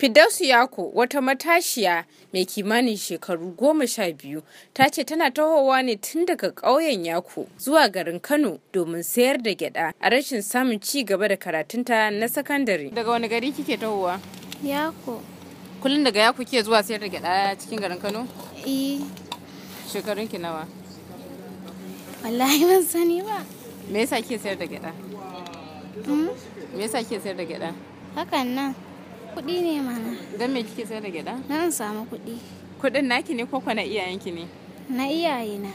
Firdausu Yako wata matashiya mai kimanin shekaru goma sha biyu ta ce tana tahowa ne tun daga ƙauyen Yako zuwa garin Kano domin sayar da gyada a rashin samun ci gaba da karatunta na sakandare. Daga wani gari kike tahowa? Yako. Kullum daga Yako kike zuwa sayar da gyada cikin garin Kano? Eh. Shekarun ki nawa? Wallahi ban sani ba. Me yasa kike sayar da gyada? Hmm? Me yasa kike sayar da gyada? Hakan nan. Kuɗi ne mana. Don me kike sayar da gida Na samu kuɗi. Kuɗin naki ne koko na iyayenki ne? Na iyayena.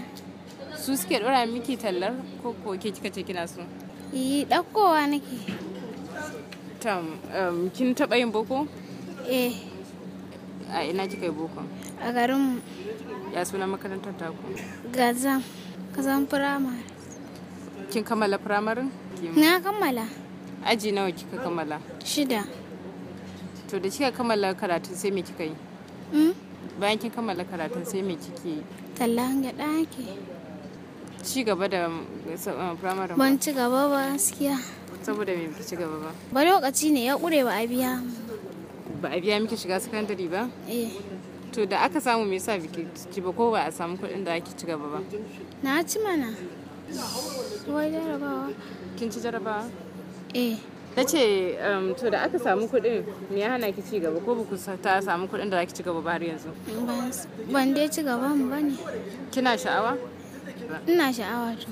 Su suke dora miki tallar ko ko ke kika ce kina so? eh ɗaukowa nake. Tam, kin taɓa yin boko? Eh. A ina kika yi boko? A garin Ya suna makarantar taku? Gazam. Gazam firamare. Kin kammala primary Na kammala. Aji nawa kika kammala? Shida. to da kika kammala karatun sai me kika yi hmm? bayan kin kammala karatun sai me kike yi tallan da ake ci gaba da uh, primary ban ci gaba ba gaskiya saboda me ci gaba ba ba lokaci ne ya kure ba a biya ba a biya miki shiga sakandare ba eh to da aka samu me yasa biki ci ba ko ba a samu kuɗin da ake ci gaba ba na ci mana wai jarabawa kin ci jarabawa eh na ce um, to da aka samu kuɗin me ya hana ki ci gaba ko buku ta samu kuɗin da za ki ci gaba bari har yanzu ban dai ci gaba mu bane kina sha'awa ina sha'awa to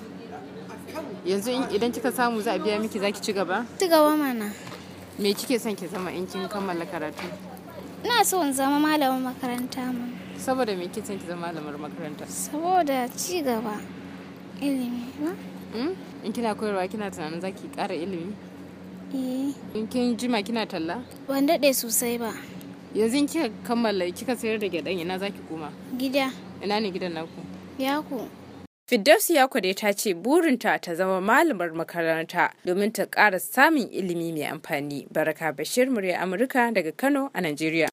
yanzu idan kika samu za a biya miki za ki ci gaba ci gaba mana me kike son ki zama in kin kammala karatu ina so in zama malamin makaranta mu saboda me kike son ki zama malamar makaranta saboda ci gaba ilimi ba hmm? in kina koyarwa kina tunanin za ki ƙara ilimi eh kin jima kina talla ban daɗe sosai ba yanzu kika kammala kika sayar da gyaɗan ina zaki koma gida ina ne gidan naku yaku Firdausu ya dai ta ce burinta ta zama malamar makaranta domin ta ƙara samun ilimi mai amfani. Baraka Bashir murya Amurka daga Kano a Najeriya.